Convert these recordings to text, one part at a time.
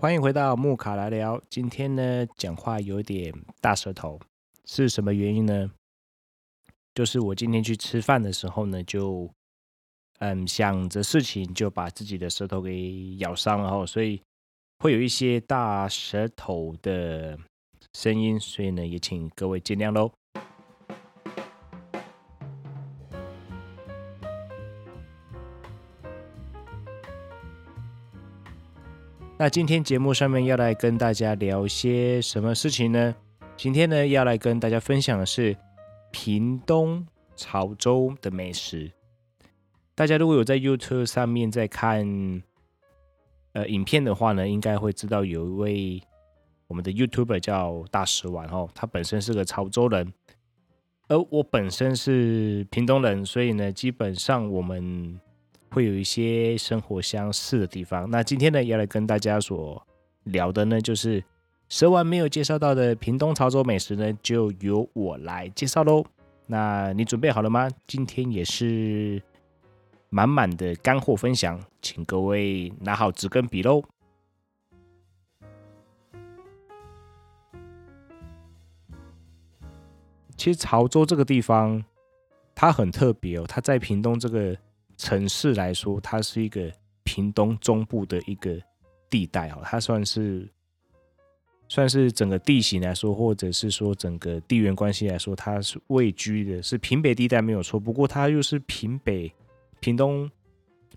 歡迎回到睦卡來聊。今天呢，講話有點大舌頭，是什麼原因呢？就是我今天去吃飯的時候呢，就嗯想着事情，就把自己的舌頭給咬傷了。所以會有一些大舌頭的聲音，所以呢，也請各位見諒嘍。那今天節目上面要來跟大家聊些什麼事情呢？今天呢，要來跟大家分享的是屏東潮州的美食。大家如果有在 YouTube 上面在看呃影片的話呢，應該會知道有一位我們的 YouTuber 叫大蛇丸哦，他本身是個潮州人，而我本身是屏東人，所以呢，基本上我們。會有一些生活相似的地方。那今天呢，要來跟大家所聊的呢，就是蛇丸沒有介紹到的屏東潮州美食呢，就由我來介紹嘍。那你準備好了嗎？今天也是滿滿的乾貨分享，請各位拿好紙跟筆嘍。其實潮州這個地方，它很特別哦，它在屏東這個。城市來說，它是一個屏東中部的一個地帶哦，它算是算是，整個地形來說，或者是說整個地緣關係來說，它是位居的是屏北地帶沒有錯。不過它又是屏北、屏東、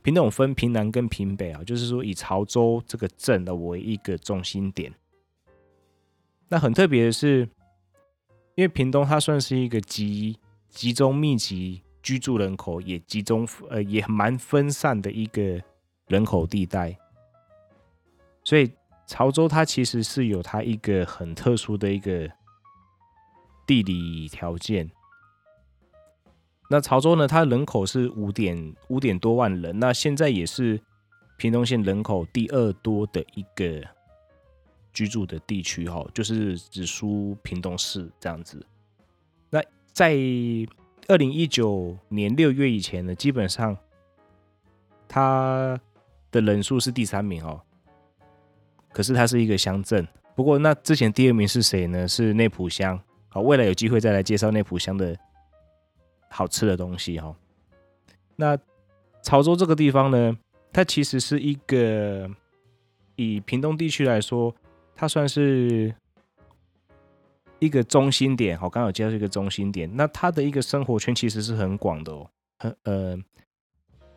屏東分屏南跟屏北啊，就是說以潮州這個鎮的為一個中心點。那很特別的是，因為屏東它算是一個集集中密集。居住人口也集中，呃，也蠻分散的一個人口地帶，所以潮州它其實是有它一個很特殊的一個地理條件。那潮州呢，它人口是五點五點多萬人，那現在也是屏東縣人口第二多的一個居住的地區吼，就是只輸屏東市這樣子。那在二零一九年六月以前呢，基本上，它的人數是第三名哦。可是它是一個鄉鎮。不過那之前第二名是誰呢？是內埔鄉。好，未來有機會再來介紹內埔鄉的好吃的東西哈、哦。那潮州這個地方呢，它其實是一個以屏東地區來說，它算是。一個中心點，好，剛好介紹一個中心點。那它的一個生活圈其實是很廣的哦，很、嗯、呃，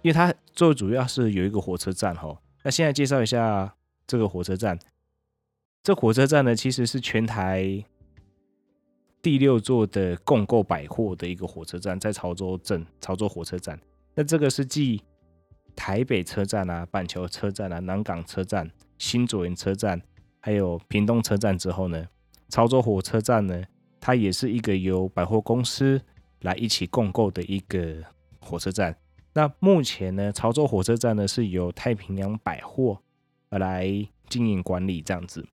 因為它最主要是有一個火車站哈、哦。那現在介紹一下這個火車站，這火車站呢，其實是全台第六座的共購百貨的一個火車站，在潮州鎮潮州火車站。那這個是繼台北車站啊、板橋車站啊、南港車站、新左營車站，還有屏東車站之後呢。潮州火車站呢，它也是一個由百貨公司來一起共構的一個火車站。那目前呢，潮州火車站呢是由太平洋百貨呃來經營管理這樣子。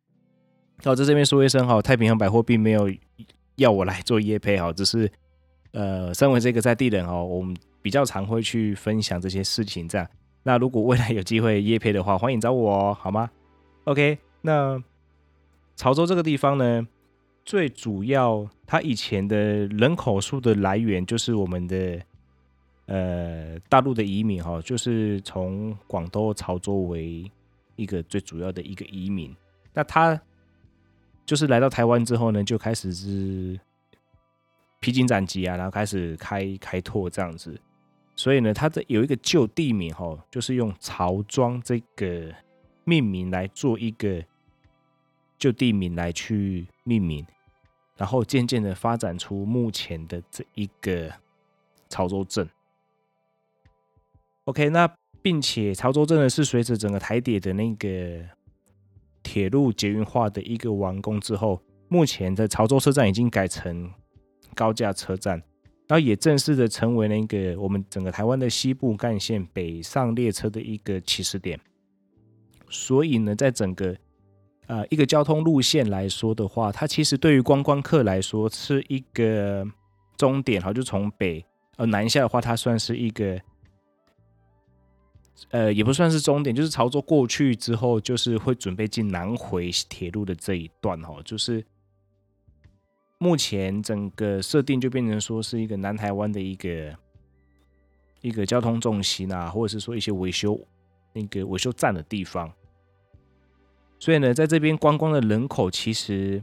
那我在這邊說一聲哈，太平洋百貨並沒有要我來做業配哈，只是呃，身為這個在地人哦，我們比較常會去分享這些事情這樣。那如果未來有機會業配的話，歡迎找我哦，好嗎？OK，那。潮州這個地方呢，最主要它以前的人口數的來源就是我們的呃大陸的移民哈，就是從廣東潮州為一個最主要的一個移民。那他就是來到台灣之後呢，就開始是披荊斬棘啊，然後開始開開拓這樣子。所以呢，它的有一個舊地名哈，就是用潮莊這個命名來做一個，就地名來去命名，然後漸漸的發展出目前的這一個潮州鎮。OK，那並且潮州鎮呢，是隨着整個台鐵的那個鐵路捷運化的一個完工之後，目前的潮州車站已經改成高架車站，然後也正式的成為了一個我們整個台灣的西部幹線北上列車的一個起始點。所以呢，在整個啊、呃，一個交通路線來說的話，它其實對於觀光客來說是一個終點，哈，就從北呃南下的話，它算是一個呃，也不算是終點，就是潮州過去之後，就是會準備進南回鐵路的這一段，哈，就是目前整個設定就變成說是一個南台灣的一個一個交通中心吶、啊，或者是說一些維修那個維修站的地方。所以呢，在這邊觀光的人口，其實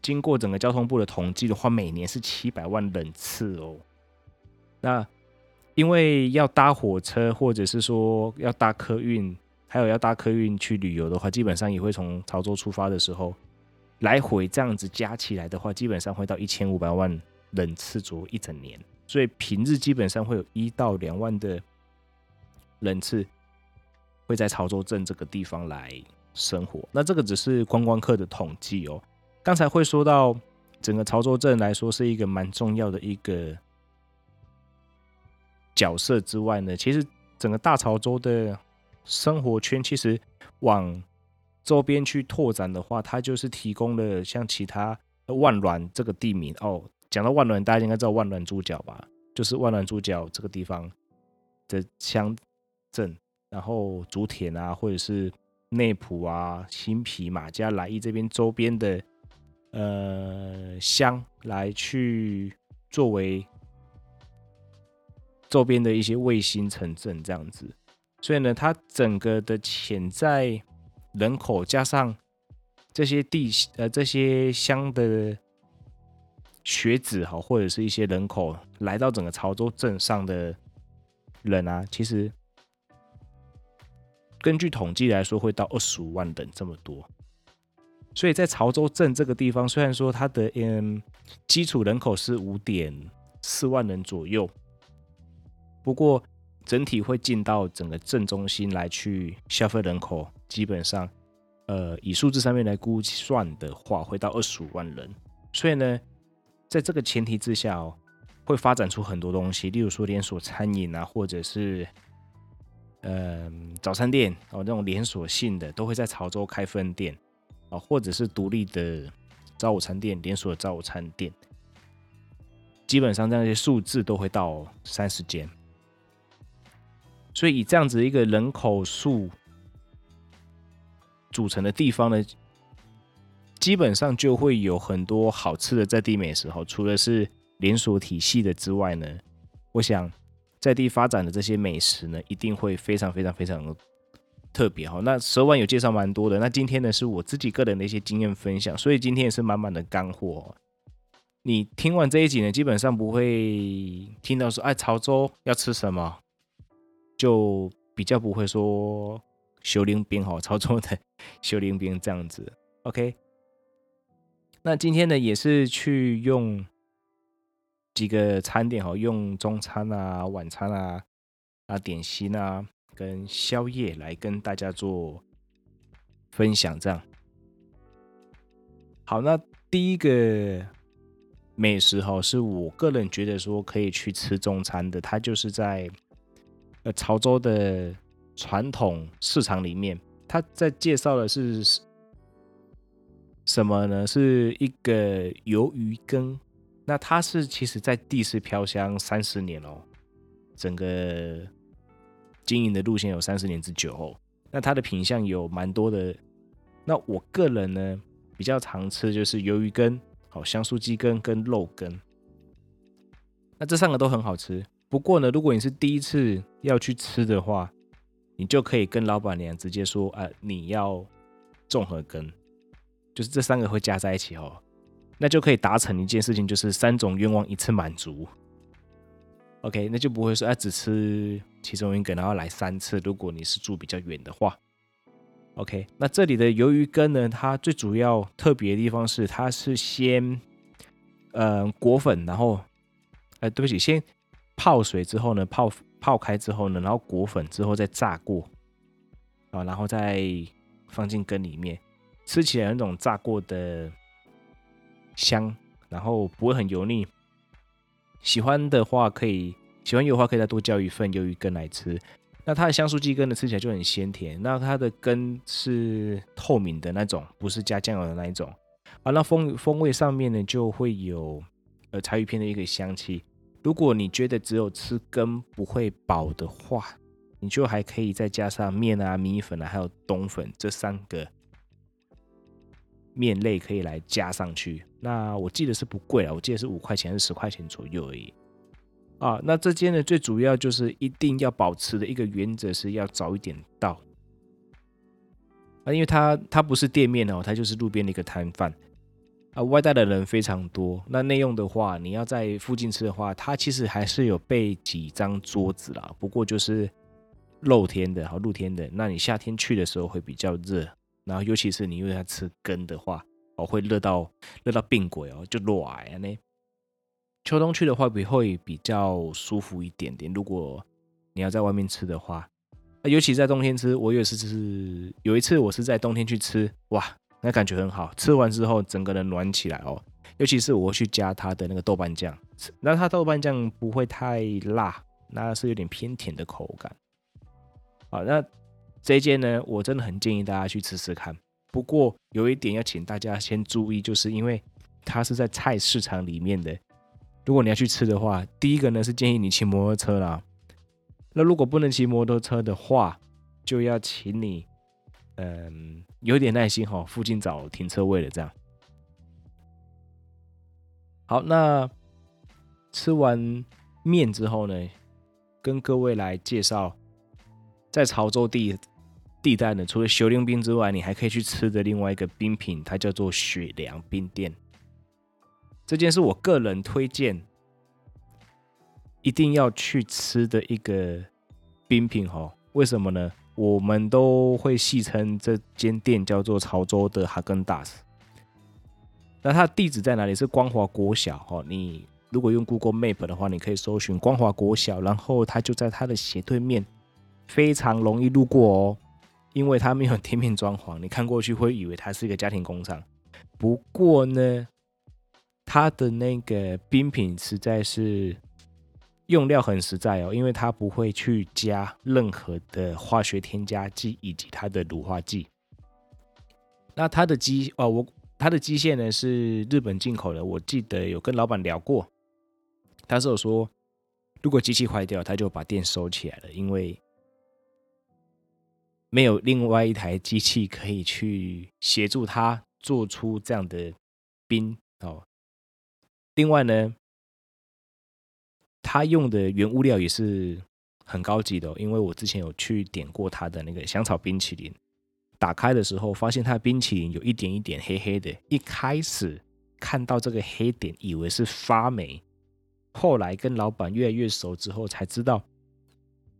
經過整個交通部的統計的話，每年是七百萬人次哦。那因為要搭火車，或者是說要搭客運，還有要搭客運去旅遊的話，基本上也會從潮州出發的時候，來回這樣子加起來的話，基本上會到一千五百萬人次左右一整年。所以平日基本上會有一到兩萬的人次會在潮州鎮這個地方來。生活，那這個只是觀光客的統計哦。剛才會說到整個潮州鎮來說是一個蠻重要的一個角色之外呢，其實整個大潮州的生活圈，其實往周邊去拓展的話，它就是提供了像其他萬巒這個地名哦。講到萬巒，大家應該知道萬巒豬腳吧？就是萬巒豬腳這個地方的鄉鎮，然後竹田啊，或者是。內埔啊、新埤嘛加來義這邊周邊的呃鄉來去作為周邊的一些衛星城鎮這樣子，所以呢，它整個的潛在人口加上這些地呃這些鄉的學子哈，或者是一些人口來到整個潮州鎮上的人啊，其實。根據統計來說，會到二十五萬人這麼多，所以在潮州鎮這個地方，雖然說它的嗯基礎人口是五點四萬人左右，不過整體會進到整個鎮中心來去消費人口，基本上呃以數字上面來估算的話，會到二十五萬人。所以呢，在這個前提之下、哦、會發展出很多東西，例如說連鎖餐飲啊，或者是。嗯，早餐店哦，那種連鎖性的都會在潮州開分店啊、哦，或者是獨立的早午餐店、連鎖早午餐店，基本上這樣一些數字都會到三十間，所以以這樣子一個人口數組成的地方呢，基本上就會有很多好吃的在地美食、哦，除了是連鎖體系的之外呢，我想。在地發展的這些美食呢，一定會非常非常非常特別哈。那蛇丸有介紹蠻多的，那今天呢是我自己個人的一些經驗分享，所以今天也是滿滿的乾貨。你聽完這一集呢，基本上不會聽到說“哎，潮州要吃什麼”，就比較不會說兵“修林邊好潮州的修林邊這樣子”。OK，那今天呢也是去用。幾個餐點哈，用中餐啊、晚餐啊、啊點心啊跟宵夜來跟大家做分享，這樣好。那第一個美食哈，是我個人覺得說可以去吃中餐的，它就是在潮州的傳統市場裡面，它在介紹的是什麼呢？是一個魷魚羹。那它是其實，在地市飄香三十年哦、喔，整個經營的路線有三十年之久哦、喔。那它的品項有蠻多的，那我個人呢比較常吃就是魷魚羹、好、喔、香酥雞羹跟肉羹，那這三個都很好吃。不過呢，如果你是第一次要去吃的話，你就可以跟老闆娘直接說啊，你要綜合羹就是這三個會加在一起哦、喔。那就可以達成一件事情，就是三種願望一次滿足。OK，那就不會說啊，只吃其中一個，然後來三次。如果你是住比較遠的話，OK，那這裡的魷魚羹呢，它最主要特別的地方是，它是先呃裹粉，然後呃，對不起，先泡水之後呢，泡泡開之後呢，然後裹粉之後再炸過啊，然後再放進羹裡面，吃起來那種炸過的。香，然後不會很油膩。喜歡的話可以，喜歡油的話可以再多澆一份魷魚羹來吃。那它的香酥雞羹呢，吃起來就很鮮甜。那它的羹是透明的那種，不是加醬油的那一種啊。那風風味上面呢，就會有呃柴魚片的一個香氣。如果你覺得只有吃羹不會飽的話，你就還可以再加上面啊、米粉啊，還有冬粉這三個面類可以來加上去。那我記得是不貴啊，我記得是五塊錢還是十塊錢左右而已啊。那這間呢，最主要就是一定要保持的一個原則是要早一點到啊，因為它它不是店面哦，它就是路邊的一個攤販啊。外帶的人非常多，那內用的話，你要在附近吃的話，它其實還是有備幾張桌子啦，不過就是露天的哦，露天的。那你夏天去的時候會比較熱，然後尤其是你因為它吃羹的話。會熱到熱到病鬼哦、喔，就暖呢。秋冬去的話比會比較舒服一點點。如果你要在外面吃的話，尤其在冬天吃，我也是就是有一次我是在冬天去吃，哇，那感覺很好，吃完之後整個人暖起來哦、喔。尤其是我去加它的那個豆瓣醬，那它豆瓣醬不會太辣，那是有點偏甜的口感。好，那這一間呢，我真的很建議大家去吃吃看。不過有一點要請大家先注意，就是因為它是在菜市場裡面的。如果你要去吃的話，第一個呢是建議你騎摩托車啦。那如果不能騎摩托車的話，就要請你嗯有點耐心哈、哦，附近找停車位的這樣。好，那吃完麵之後呢，跟各位來介紹在潮州地地帶呢？除了修林冰之外，你還可以去吃的另外一個冰品，它叫做雪涼冰店。這間是我個人推薦，一定要去吃的一個冰品哦。為什麼呢？我們都會戲稱這間店叫做潮州的哈根達斯。那它的地址在哪裡？是光華國小哦。你如果用 Google Map 的話，你可以搜尋光華國小，然後它就在它的斜對面，非常容易路過哦。因為它沒有店面裝潢，你看過去會以為它是一個家庭工廠。不過呢，它的那個冰品實在是用料很實在哦，因為它不會去加任何的化學添加劑以及它的乳化劑。那它的機哦，我它的機械呢是日本進口的，我記得有跟老闆聊過，他是有說，如果機器壞掉，他就把店收起來了，因為。沒有另外一台機器可以去協助他做出這樣的冰哦。另外呢，他用的原物料也是很高級的，因為我之前有去點過他的那個香草冰淇淋，打開的時候發現他的冰淇淋有一點一點黑黑的，一開始看到這個黑點以為是發霉，後來跟老板越來越熟之後才知道。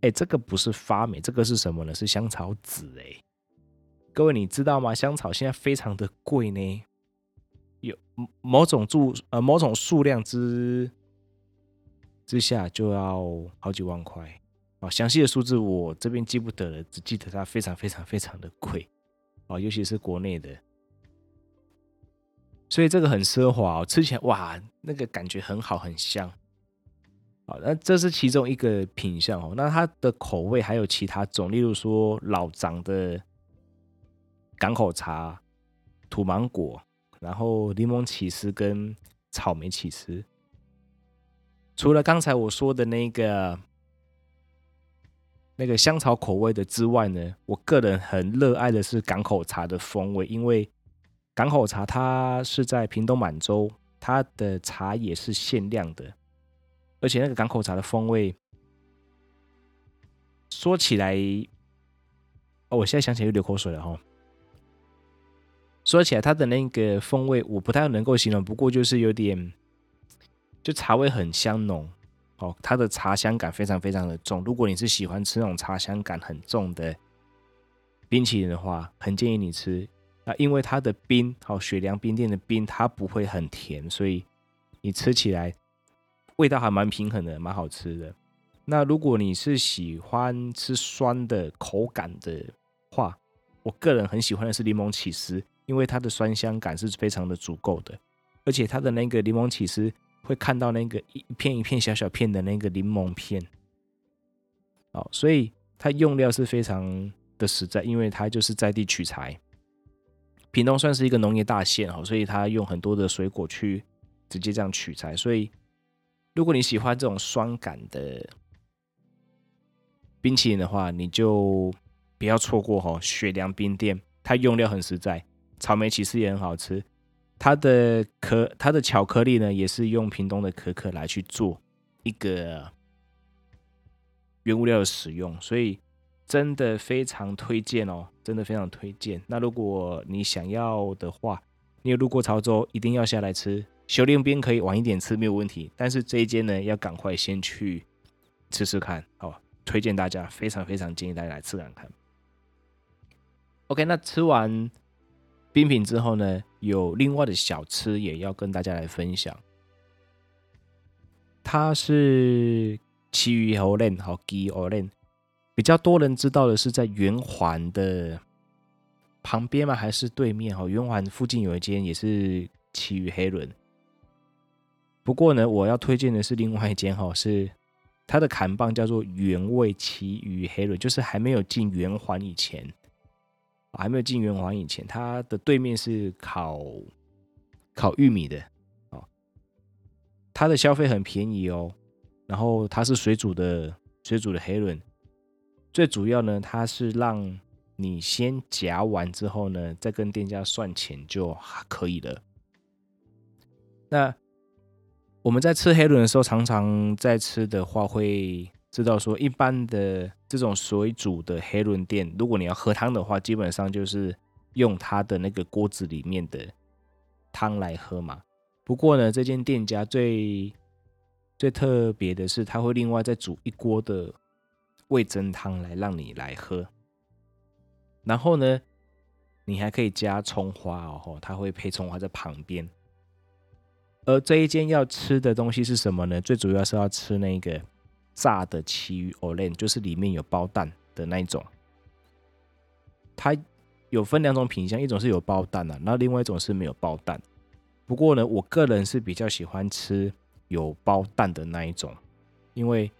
哎、欸，這個不是發霉，這個是什麼呢？是香草籽哎、欸。各位你知道嗎？香草現在非常的貴呢，有某種數呃某種數量之之下，就要好幾萬塊哦，詳細的數字我這邊記不得了，只記得它非常非常非常的貴哦，尤其是國內的。所以這個很奢華我，哦、吃起來哇，那個感覺很好，很香。好，那這是其中一個品項哦。那它的口味還有其他種，例如說老長的港口茶、土芒果，然後檸檬起司跟草莓起司。除了剛才我說的那個那個香草口味的之外呢，我個人很熱愛的是港口茶的風味，因為港口茶它是在屏東滿州，它的茶也是限量的。而且那個港口茶的風味，說起來，哦，我現在想起來就流口水了，哈、哦。說起來，它的那個風味我不太能夠形容，不過就是有點，就茶味很香濃哦，它的茶香感非常非常的重。如果你是喜歡吃那種茶香感很重的冰淇淋的話，很建議你吃。那、啊、因為它的冰，好、哦、雪涼冰店的冰，它不會很甜，所以你吃起來。味道還蠻平衡的，蠻好吃的。那如果你是喜歡吃酸的口感的話，我個人很喜歡的是檸檬起司，因為它的酸香感是非常的足夠的，而且它的那個檸檬起司會看到那個一片一片小小片的那個檸檬片。好，所以它用料是非常的實在，因為它就是在地取材。屏東算是一個農業大縣哦，所以他用很多的水果去直接這樣取材，所以。如果你喜歡這種酸感的冰淇淋的話，你就不要錯過哦，雪涼冰店。它用料很實在，草莓其實也很好吃。它的可、它的巧克力呢，也是用屏東的可可來去做一個原物料的使用，所以真的非常推薦哦，真的非常推薦。那如果你想要的話，你也路過潮州，一定要下來吃。燒冷冰可以晚一點吃沒有問題，但是這一間呢，要趕快先去吃吃看好，推薦大家，非常非常建議大家來吃看看。OK，那吃完冰品之後呢，有另外的小吃也要跟大家來分享。它是旗魚黑輪，好，旗魚黑輪比較多人知道的是在圓環的旁邊嗎？還是對面？哈，圓環附近有一間也是旗魚黑輪。不過呢，我要推薦的是另外一間哈，是它的砍棒叫做原味旗魚黑輪，就是還沒有進圓環以前，還沒有進圓環以前，它的對面是烤烤玉米的哦，它的消費很便宜哦，然後它是水煮的水煮的黑輪，最主要呢，它是讓你先夾完之後呢，再跟店家算錢就可以了，那。我們在吃黑輪的時候，常常在吃的話，會知道說，一般的這種水煮的黑輪店，如果你要喝湯的話，基本上就是用它的那個鍋子裡面的湯來喝嘛。不過呢，這間店家最最特別的是，他會另外再煮一鍋的味噌湯來讓你來喝。然後呢，你還可以加蔥花哦，它會配蔥花在旁邊。而這一間要吃的東西是什麼呢？最主要是要吃那個炸的旗魚黑輪，就是裡面有包蛋的那一種。它有分兩種品項，一種是有包蛋的，啊，那另外一種是沒有包蛋。不過呢，我個人是比較喜歡吃有包蛋的那一種，因為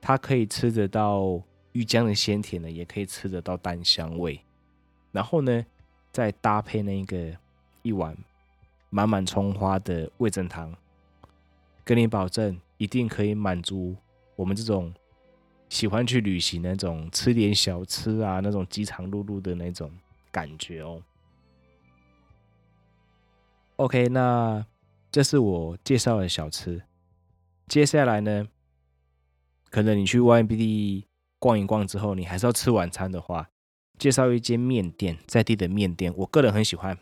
它可以吃得到魚漿的鮮甜呢，也可以吃得到蛋香味。然後呢，再搭配那一個一碗。滿滿蔥花的味噌湯，跟你保證一定可以滿足我們這種喜歡去旅行那種吃點小吃啊，那種飢腸轆轆的那種感覺哦。OK，那這是我介紹的小吃。接下來呢，可能你去 YB d 逛一逛之後，你還是要吃晚餐的話，介紹一間麵店，在地的麵店，我個人很喜歡。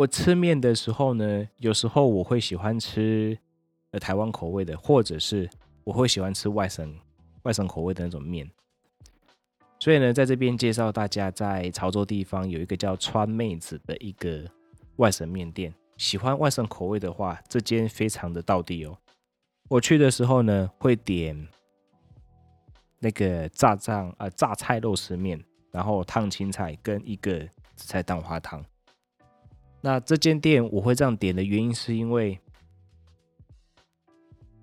我吃麵的時候呢，有時候我會喜歡吃呃台灣口味的，或者是我會喜歡吃外省外省口味的那種麵。所以呢，在這邊介紹大家，在潮州地方有一個叫川妹子的一個外省麵店。喜歡外省口味的話，這間非常的道地哦、喔。我去的時候呢，會點那個炸醬啊、榨菜肉絲麵，然後燙青菜跟一個紫菜蛋花湯。那這間店我會這樣點的原因，是因為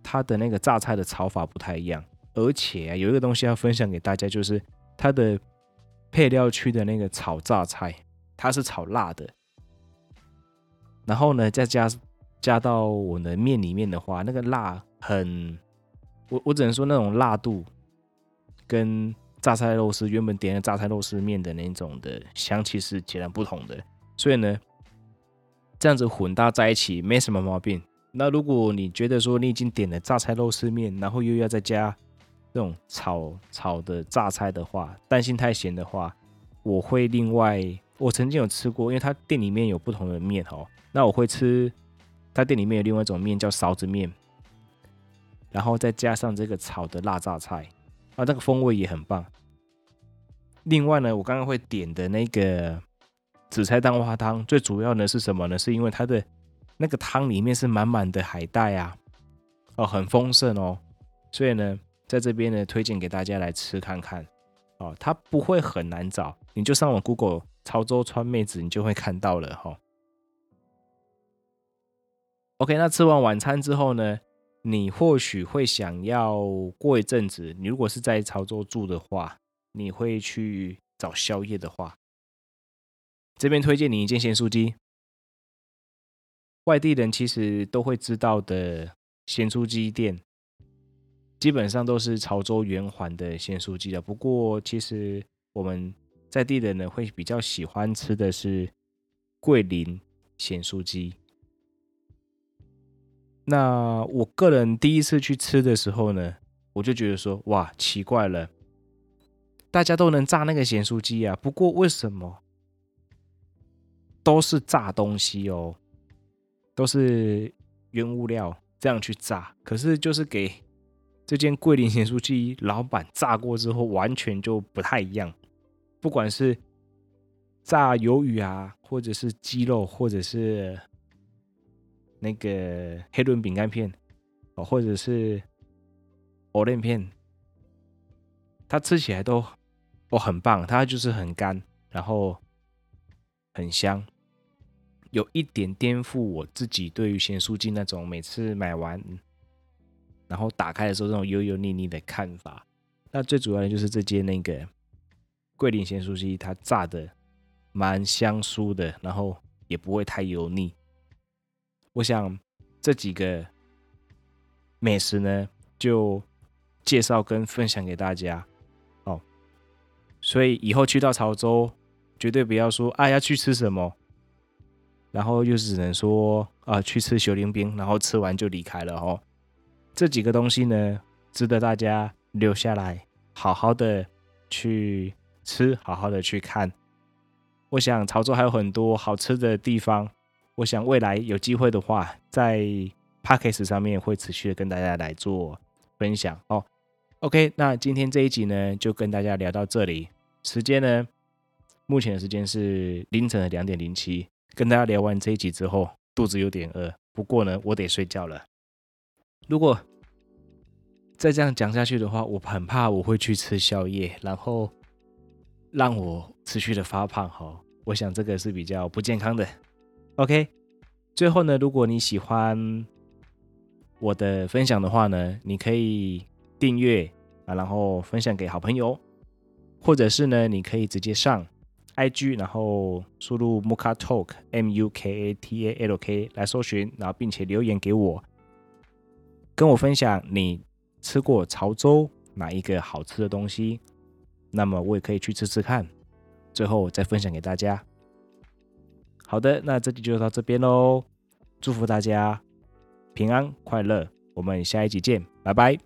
它的那個榨菜的炒法不太一樣，而且、啊、有一個東西要分享給大家，就是它的配料區的那個炒榨菜，它是炒辣的。然後呢，再加加到我的麵裡面的話，那個辣很，我我只能說那種辣度跟榨菜肉絲原本點的榨菜肉絲麵的那種的香氣是截然不同的，所以呢。這樣子混搭在一起，沒什麼毛病。那如果你覺得說你已經點了榨菜肉絲麵，然後又要再加那種炒炒的榨菜的話，擔心太鹹的話，我會另外，我曾經有吃過，因為他店裡面有不同的麵哦，那我會吃他店裡面有另外一種麵叫勺子麵，然後再加上這個炒的辣榨菜，啊，這個風味也很棒。另外呢，我剛剛會點的那個。紫菜蛋花湯最主要呢是什麼呢？是因為它的那個湯裡面是滿滿的海帶啊，哦，很豐盛哦。所以呢，在這邊呢，推薦給大家來吃看看。哦，它不會很難找，你就上網 Google“ 潮州川妹子”，你就會看到了哈、哦。OK，那吃完晚餐之後呢，你或許會想要過一陣子。你如果是在潮州住的話，你會去找宵夜的話，這邊推薦你一件鹹酥雞，外地人其實都會知道的鹹酥雞店，基本上都是潮州圓環的鹹酥雞的，不過其實我們在地人呢會比較喜歡吃的是桂林鹹酥雞。那我個人第一次去吃的時候呢，我就覺得說，哇，奇怪了，大家都能炸那個鹹酥雞啊，不過為什麼？都是炸東西哦，都是原物料這樣去炸，可是就是給這間桂林鹹酥雞老闆炸過之後，完全就不太一樣。不管是炸魷魚啊，或者是雞肉，或者是那個黑輪餅乾片，哦，或者是藕蓮片，它吃起來都哦很棒，它就是很乾，然後很香。有一點顛覆我自己對於鹹酥雞那種每次買完，然後打開的時候那種油油膩膩的看法。那最主要的就是這間那個桂林鹹酥雞，它炸的蠻香酥的，然後也不會太油膩。我想這幾個美食呢，就介紹跟分享給大家。哦，所以以後去到潮州，絕對不要說啊要去吃什麼。然後又只能說，啊、呃，去吃雪林冰，然後吃完就離開了哦。這幾個東西呢，值得大家留下來，好好的去吃，好好的去看。我想潮州還有很多好吃的地方。我想未來有機會的話，在 Podcast 上面會持續的跟大家來做分享哦。OK，那今天這一集呢，就跟大家聊到這裡。時間呢，目前的時間是凌晨的兩點零七。跟大家聊完這一集之後，肚子有點餓。不過呢，我得睡覺了。如果再這樣講下去的話，我很怕我會去吃宵夜，然後讓我持續的發胖哈。我想這個是比較不健康的。OK，最後呢，如果你喜歡我的分享的話呢，你可以訂閱啊，然後分享給好朋友，或者是呢，你可以直接上。IG，然後輸入 Mukatalk M U K A T A L K 來搜尋，然後並且留言給我，跟我分享你吃過潮州哪一個好吃的東西，那麼我也可以去吃吃看，最後再分享給大家。好的，那這集就到這邊嘍，祝福大家平安快樂，我們下一集見，拜拜。